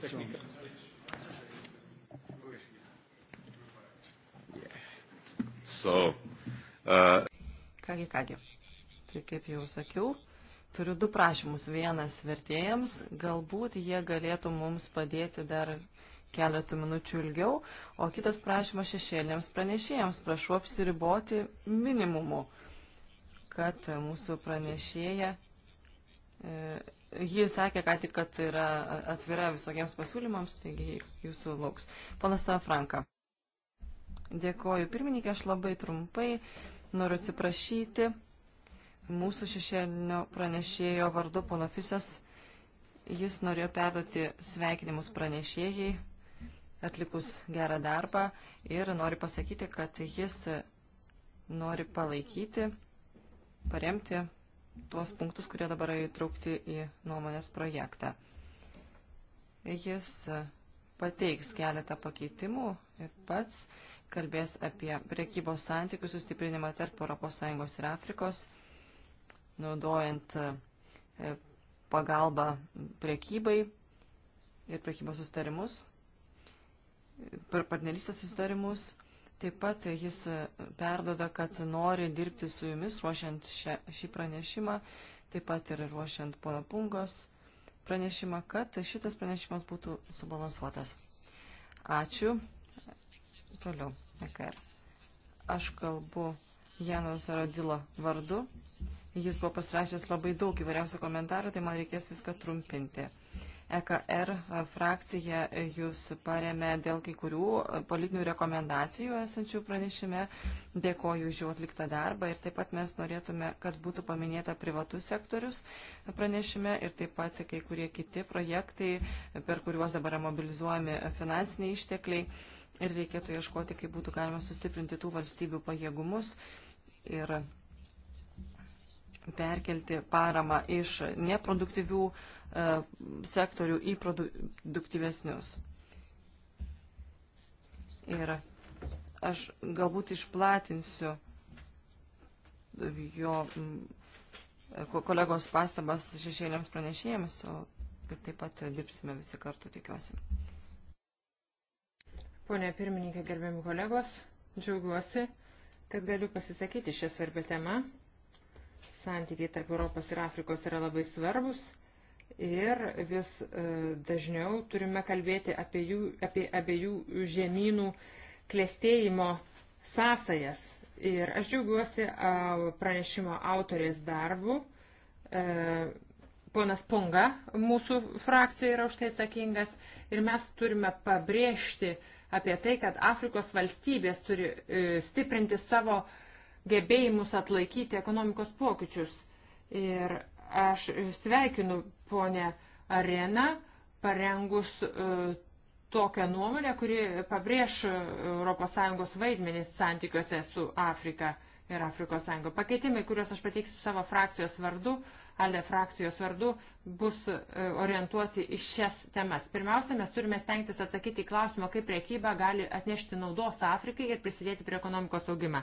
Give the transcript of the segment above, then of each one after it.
tecnica. So, uh... Kągi, kągi. Tai kaip jau sakiau, turiu du prašymus. Vienas vertėjams, galbūt jie galėtų mums padėti dar keletų minučių ilgiau, o kitas prašymas šešėlėms pranešėjams. Prašau apsiriboti minimumu, kad mūsų pranešėja e, Ji sakė, ką tik, kad yra atvira visokiems pasiūlymams, taigi jūsų lauks. Panas Franka. Dėkoju pirmininkė, aš labai trumpai noriu atsiprašyti mūsų šešėlinio pranešėjo vardu pono Fisas. Jis norėjo perduoti sveikinimus pranešėjai, atlikus gerą darbą ir nori pasakyti, kad jis nori palaikyti, paremti tuos punktus, kurie dabar įtraukti į nuomonės projektą. Jis e, pateiks keletą pakeitimų ir pats kalbės apie priekybos santykių sustiprinimą tarp ES ir Afrikos, naudojant e, e, pagalbą priekybai ir priekybos sustarimus, partnerystės sustarimus. Per Taip pat jis perdoda, kad nori dirbti su jumis, ruošiant šią, šį pranešimą, taip pat ir ruošiant pono pungos pranešimą, kad šitas pranešimas būtų subalansuotas. Ačiū. Toliau, EKR. Aš kalbu Janos Radilo vardu. Jis buvo pasirašęs labai daug įvairiausių komentarų, tai man reikės viską trumpinti. EKR frakcija jūs paremė dėl kai kurių politinių rekomendacijų esančių pranešime. Dėkoju už jų atliktą darbą ir taip pat mes norėtume, kad būtų paminėta privatus sektorius pranešime ir taip pat kai kurie kiti projektai, per kuriuos dabar mobilizuojami finansiniai ištekliai. Ir reikėtų ieškoti, kaip būtų galima sustiprinti tų valstybių pajėgumus. Ir perkelti paramą iš neproduktyvių e, sektorių į produktyvesnius. Ir aš galbūt išplatinsiu jo kolegos pastabas šešėliams pranešėjams, o taip pat dirbsime visi kartu, tikiuosi. Pone pirmininkė, gerbiami kolegos, džiaugiuosi, kad galiu pasisakyti šią svarbę temą. Santykiai tarp Europos ir Afrikos yra labai svarbus ir vis e, dažniau turime kalbėti apie, jų, apie abiejų žemynų klėstėjimo sąsajas. Ir aš džiaugiuosi pranešimo autorės darbu. E, ponas Ponga mūsų frakcijoje yra už tai atsakingas ir mes turime pabrėžti apie tai, kad Afrikos valstybės turi e, stiprinti savo uh, gebėjimus atlaikyti ekonomikos pokyčius. Ir aš sveikinu ponę Areną parengus e, tokią nuomonę, kuri pabrėž ES vaidmenis santykiuose su Afrika ir Afrikos Sąjunga. Pakeitimai, kuriuos aš pateiksiu savo frakcijos vardu, ALDE frakcijos vardu bus e, orientuoti į šias temas. Pirmiausia, mes turime stengtis atsakyti į klausimą, kaip priekyba gali atnešti naudos Afrikai ir prisidėti prie ekonomikos augimą.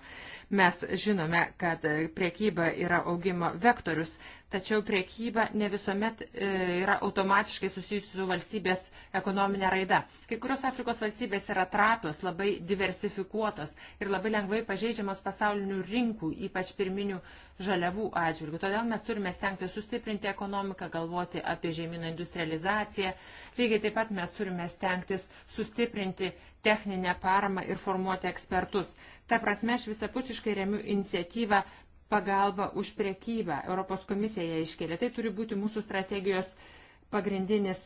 Mes žinome, kad priekyba yra augimo vektorius, tačiau priekyba ne visuomet e, yra automatiškai susijusi su valstybės ekonominė raida. Kai kurios Afrikos valstybės yra trapios, labai diversifikuotos ir labai lengvai pažeidžiamos pasaulinių rinkų, ypač pirminių žaliavų atžvilgių. Todėl mes turime stengti sustiprinti ekonomiką, galvoti apie žemyną industrializaciją. Lygiai taip pat mes turime stengtis sustiprinti techninę paramą ir formuoti ekspertus. Ta prasme, aš visapusiškai remiu iniciatyvą pagalba už priekybą. Europos komisija ją iškėlė. Tai turi būti mūsų strategijos pagrindinis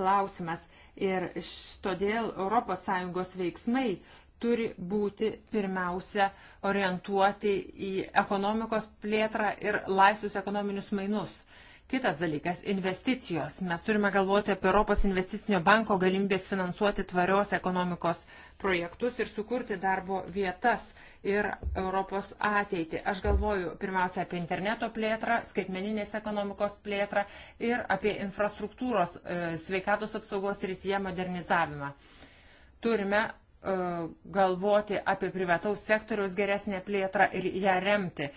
klausimas. Ir todėl ES veiksmai turi būti pirmiausia orientuoti į ekonomikos plėtrą ir laisvus ekonominius mainus. Uh, Kitas dalykas - investicijos. Mes turime galvoti apie Europos investicinio banko galimybės finansuoti tvarios ekonomikos projektus ir sukurti darbo vietas ir Europos ateitį. Aš galvoju pirmiausia apie interneto plėtrą, skaitmeninės ekonomikos plėtrą ir apie infrastruktūros e, sveikatos apsaugos rytyje modernizavimą. Turime E, galvoti apie privataus sektoriaus geresnę plėtrą ir ją remti.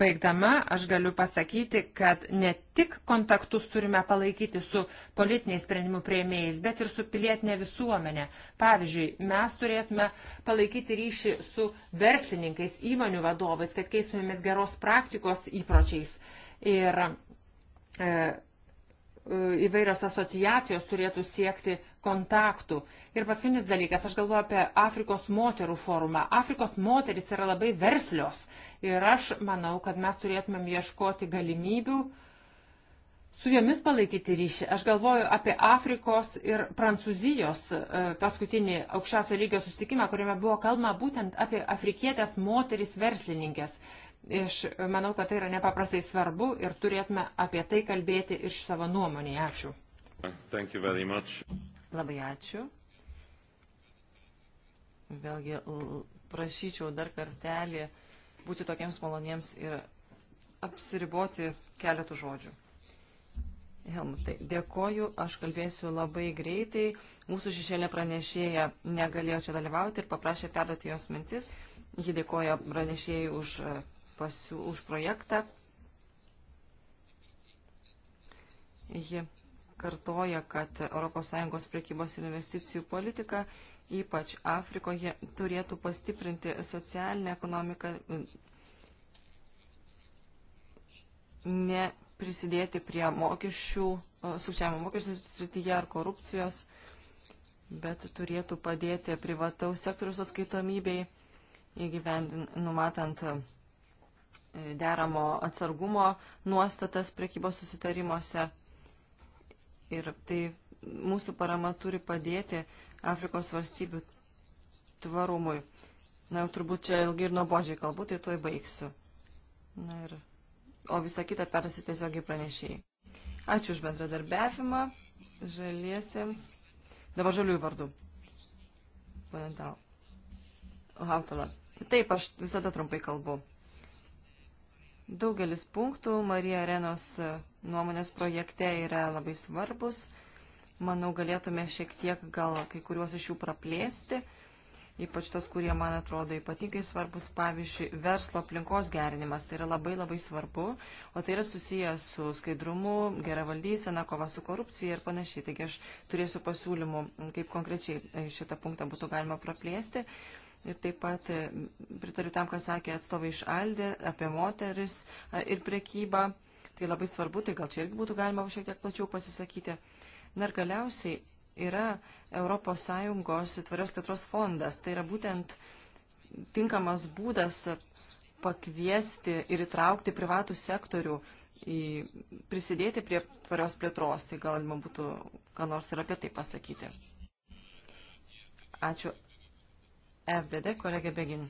Baigdama, aš galiu pasakyti, kad ne tik kontaktus turime palaikyti su politiniais sprendimų prieimėjais, bet ir su pilietinė visuomenė. Pavyzdžiui, mes turėtume palaikyti ryšį su versininkais, įmonių vadovais, kad keistumėmės geros praktikos įpročiais. Ir e, e įvairios asociacijos turėtų siekti kontaktų. Ir paskutinis dalykas, aš galvoju apie Afrikos moterų forumą. Afrikos moteris yra labai verslios ir aš manau, kad mes turėtumėm ieškoti galimybių su jomis palaikyti ryšį. Aš galvoju apie Afrikos ir Prancūzijos e, paskutinį aukščiausio lygio susitikimą, kuriame buvo kalbama būtent apie afrikietės moteris verslininkės. Iš, manau, kad tai yra nepaprastai svarbu ir turėtume apie tai kalbėti iš savo nuomonį. Ačiū. Thank you very much. Labai ačiū. Vėlgi prašyčiau dar kartelį būti tokiems maloniems ir apsiriboti keletų žodžių. Helmutai, dėkoju, aš kalbėsiu labai greitai. Mūsų šešėlė pranešėja negalėjo čia dalyvauti ir paprašė perduoti jos mintis. Ji dėkoja pranešėjai už, pasiū, už projektą. Ji kartoja, kad ES priekybos ir investicijų politika, ypač Afrikoje, turėtų pastiprinti socialinę ekonomiką, neprisidėti prie mokesčių, e, sukčiavimo mokesčių srityje ar korupcijos, bet turėtų padėti privataus sektorius atskaitomybei, numatant e, deramo atsargumo nuostatas priekybos susitarimuose Ir tai mūsų parama turi padėti Afrikos valstybių tvarumui. Na, jau turbūt čia ilgai ir nuobožiai kalbu, tai tuoj baigsiu. Na ir, o visą kitą perduosiu tiesiogiai pranešėjai. Ačiū už bendradarbiavimą žaliesiems. Dabar žaliųjų vardų. Pone Dal. Hautala. Taip, aš visada trumpai kalbu. Daugelis punktų Marija Arenos nuomonės projekte yra labai svarbus. Manau, galėtume šiek tiek gal kai kuriuos iš jų praplėsti ypač tos, kurie man atrodo ypatingai svarbus, pavyzdžiui, verslo aplinkos gerinimas, tai yra labai labai svarbu, o tai yra susijęs su skaidrumu, gera valdysena, kova su korupcija ir panašiai. Taigi aš turėsiu pasiūlymų, kaip konkrečiai šitą punktą būtų galima praplėsti. Ir taip pat e, pritariu tam, ką sakė atstovai iš Aldė apie moteris e, ir priekybą. Tai labai svarbu, tai gal čia irgi būtų galima šiek tiek plačiau pasisakyti. Na ir galiausiai yra ES tvarios plėtros fondas. Tai yra būtent tinkamas būdas pakviesti ir įtraukti privatų sektorių į prisidėti prie tvarios plėtros. Tai galima būtų, ką nors ir apie tai pasakyti. Ačiū. FDD, kolegė Begin.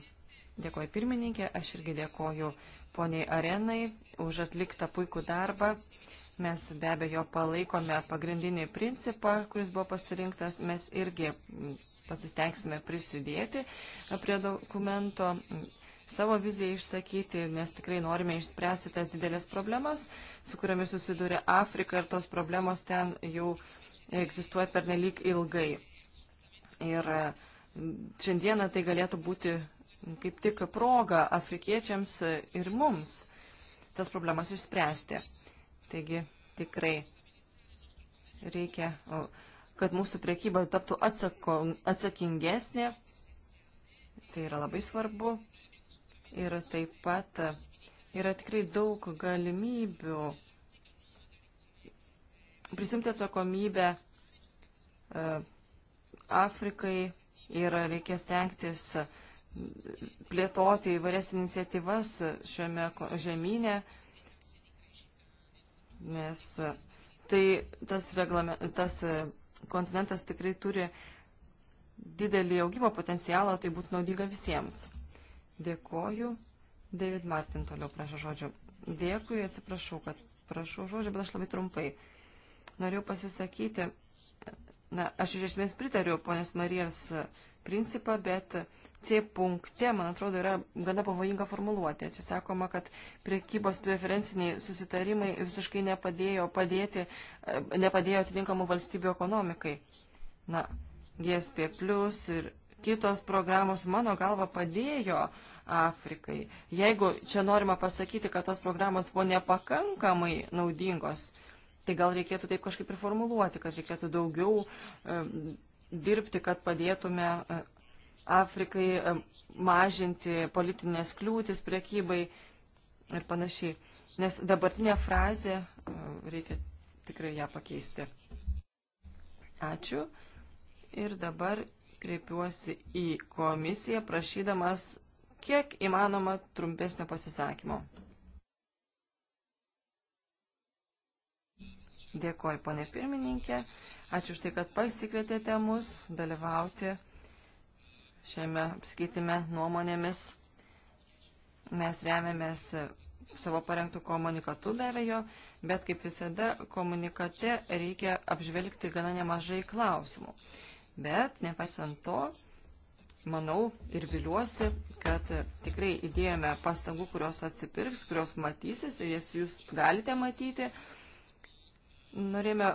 Dėkoju pirmininkė, aš irgi dėkoju poniai Arenai už atliktą puikų darbą. Mes be abejo palaikome pagrindinį principą, kuris buvo pasirinktas. Mes irgi pasistengsime prisidėti prie dokumento, savo viziją išsakyti, nes tikrai norime išspręsti tas didelės problemas, su kuriomis susiduria Afrika ir tos problemos ten jau egzistuoja per nelik ilgai. Ir šiandieną tai galėtų būti kaip tik proga afrikiečiams ir mums tas problemas išspręsti. Taigi tikrai reikia, kad mūsų priekyba taptų atsako, atsakingesnė. Tai yra labai svarbu. Ir taip pat yra tikrai daug galimybių prisimti atsakomybę e, Afrikai ir reikės tenktis uh, plėtoti įvairias iniciatyvas šiame žemynė, nes e, tai tas, reglame, tas e, kontinentas tikrai turi didelį augimo potencialą, tai būtų naudinga visiems. Dėkoju. David Martin toliau prašo žodžio. Dėkui, atsiprašau, kad prašau žodžio, bet aš labai trumpai. Norėjau pasisakyti Na, aš iš esmės pritariu ponės Marijos e, principą, bet C punkte, man atrodo, yra gana pavojinga formuluotė. Čia sakoma, kad priekybos preferenciniai susitarimai visiškai nepadėjo, padėti, e, nepadėjo atitinkamų valstybių ekonomikai. Na, GSP plus ir kitos programos mano galva padėjo Afrikai. Jeigu čia norima pasakyti, kad tos programos buvo nepakankamai naudingos, tai gal reikėtų taip kažkaip ir formuluoti, kad reikėtų daugiau dirbti, kad padėtume e, Afrikai mažinti politinės kliūtis, priekybai ir panašiai. Nes dabartinė frazė e, reikia tikrai ją pakeisti. Ačiū. Ir dabar kreipiuosi į komisiją prašydamas kiek įmanoma trumpesnio pasisakymo. Dėkoju, ponė pirmininkė. Ačiū už tai, kad pasikvietėte mus dalyvauti šiame apskaitime nuomonėmis. Mes remiamės savo parengtų komunikatų davėjo, bet kaip visada komunikate reikia apžvelgti gana nemažai klausimų. Bet nepaisant to, manau ir viliuosi, kad tikrai įdėjome pastangų, kurios atsipirks, kurios matysis ir jas jūs galite matyti norėjome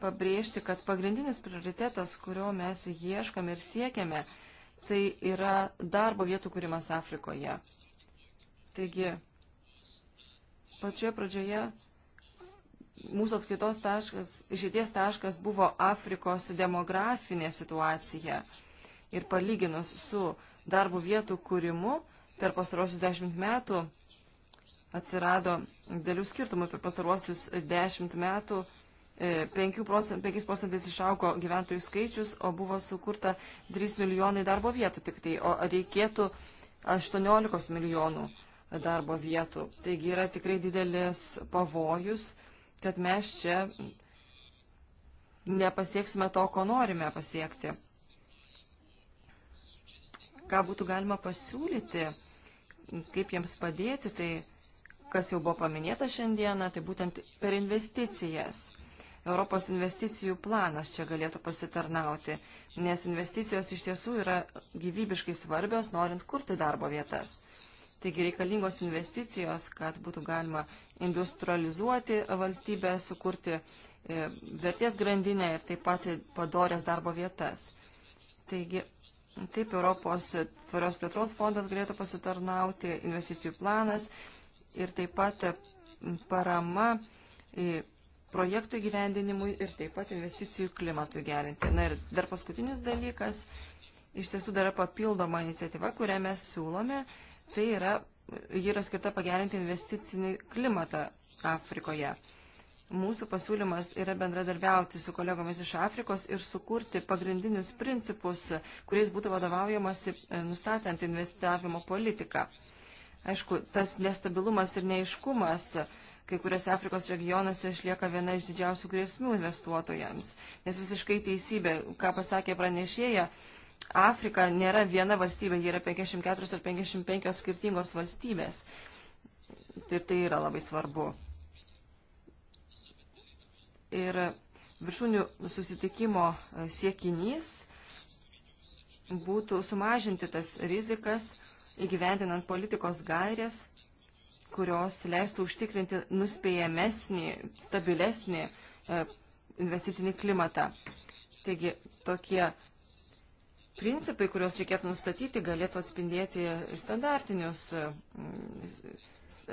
pabrėžti, kad pagrindinis prioritetas, kurio mes ieškome ir siekiame, tai yra darbo vietų kūrimas Afrikoje. Taigi, pačioje pradžioje mūsų atskaitos taškas, išėties taškas buvo Afrikos demografinė situacija. Ir palyginus su darbo vietų kūrimu per pastarosius dešimt metų atsirado dėlių skirtumų per pastaruosius 10 metų. 5 e, procentais išaugo gyventojų skaičius, o buvo sukurta 3 milijonai darbo vietų tik tai, o reikėtų 18 milijonų darbo vietų. Taigi yra tikrai didelis pavojus, kad mes čia nepasieksime to, ko norime pasiekti. Ką būtų galima pasiūlyti, kaip jiems padėti, tai kas jau buvo paminėta šiandieną, tai būtent per investicijas. Europos investicijų planas čia galėtų pasitarnauti, nes investicijos iš tiesų yra gyvybiškai svarbios, norint kurti darbo vietas. Taigi reikalingos investicijos, kad būtų galima industrializuoti valstybę, sukurti e, vertės grandinę ir taip pat padorės darbo vietas. Taigi taip Europos tvarios plėtros fondas galėtų pasitarnauti, investicijų planas, ir taip pat parama projektų gyvendinimui ir taip pat investicijų klimatui gerinti. Na ir dar paskutinis dalykas, iš tiesų dar yra papildoma iniciatyva, kurią mes siūlome, tai yra, ji yra skirta pagerinti investicinį klimatą Afrikoje. Mūsų pasiūlymas yra bendradarbiauti su kolegomis iš Afrikos ir sukurti pagrindinius principus, kuriais būtų vadovaujamasi e, nustatant investavimo politiką. Aišku, tas nestabilumas ir neiškumas kai kuriuose Afrikos regionuose išlieka viena iš didžiausių grėsmių investuotojams. Nes visiškai teisybė, ką pasakė pranešėja, Afrika nėra viena valstybė, jie yra 54 ar 55 skirtingos valstybės. Ir tai yra labai svarbu. Ir viršūnių susitikimo e, siekinys būtų sumažinti tas rizikas įgyvendinant politikos gairės, kurios leistų užtikrinti nuspėjamesnį, stabilesnį e, investicinį klimatą. Taigi tokie principai, kuriuos reikėtų nustatyti, galėtų atspindėti standartinius, e,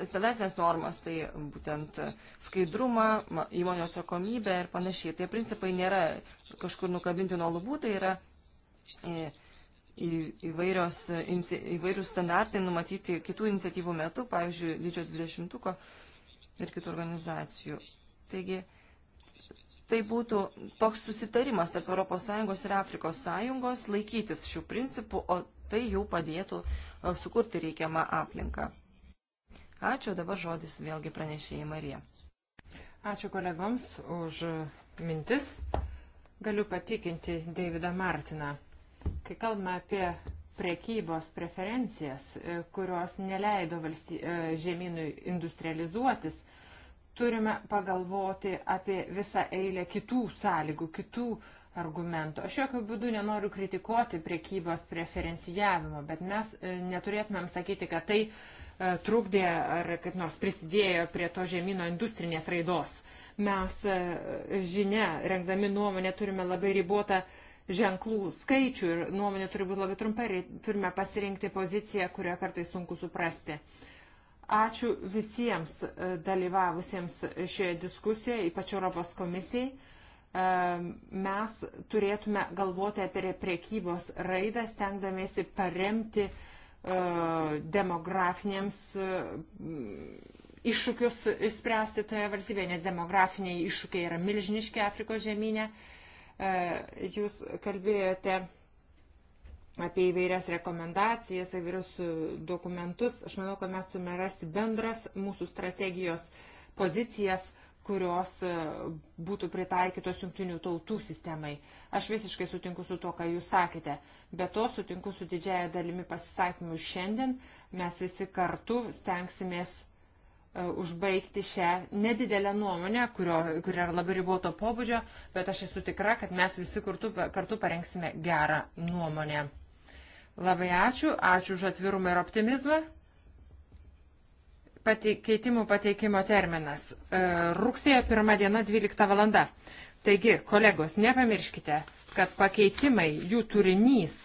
standartinės normas, tai būtent skaidrumą, įmonių atsakomybę ir panašiai. Tie principai nėra kažkur nukabinti nuo lubų, tai yra e, įvairios, įvairius standartai numatyti kitų iniciatyvų metu, pavyzdžiui, didžio 20-ko ir kitų organizacijų. Taigi, tai būtų toks susitarimas tarp ES ir Afrikos Sąjungos laikytis šių principų, o tai jau padėtų sukurti reikiamą aplinką. Ačiū, dabar žodis vėlgi pranešėjai Marija. Ačiū kolegoms už mintis. Galiu patikinti Davidą Martiną Kai kalbame apie prekybos preferencijas, e, kurios neleido valsty... E, žemynui industrializuotis, turime pagalvoti apie visą eilę kitų sąlygų, kitų argumentų. Aš jokių būdų nenoriu kritikuoti priekybos preferencijavimo, bet mes e, neturėtumėm sakyti, kad tai trukdė ar kaip nors prisidėjo prie to žemino industrinės raidos. Mes žinia, rengdami nuomonę, turime labai ribotą uh, ženklų skaičių ir nuomonė turi būti labai trumpa ir turime pasirinkti poziciją, kurią kartais sunku suprasti. Ačiū visiems e, dalyvavusiems šioje diskusijoje, ypač Europos komisijai. E, mes turėtume galvoti apie priekybos raidą, stengdamėsi paremti e, demografiniams iššūkius spręsti toje valstybėje, nes demografiniai iššūkiai yra milžiniški Afrikos žemynė. E, jūs kalbėjote apie įvairias rekomendacijas, įvairius e, dokumentus. Aš manau, kad mes turime rasti bendras mūsų strategijos pozicijas, kurios e, būtų pritaikytos jungtinių tautų sistemai. Aš visiškai sutinku su to, ką jūs sakėte. Be to sutinku su didžiaja dalimi pasisakymų šiandien. Mes visi kartu stengsimės E, užbaigti šią nedidelę nuomonę, kurio, kuri yra labai riboto pobūdžio, bet aš esu tikra, kad mes visi kartu, kartu parengsime gerą nuomonę. Labai ačiū, ačiū už atvirumą ir optimizmą. Pateik, keitimų pateikimo terminas. E, rugsėjo 1 diena 12 valanda. Taigi, kolegos, nepamirškite, kad pakeitimai, jų turinys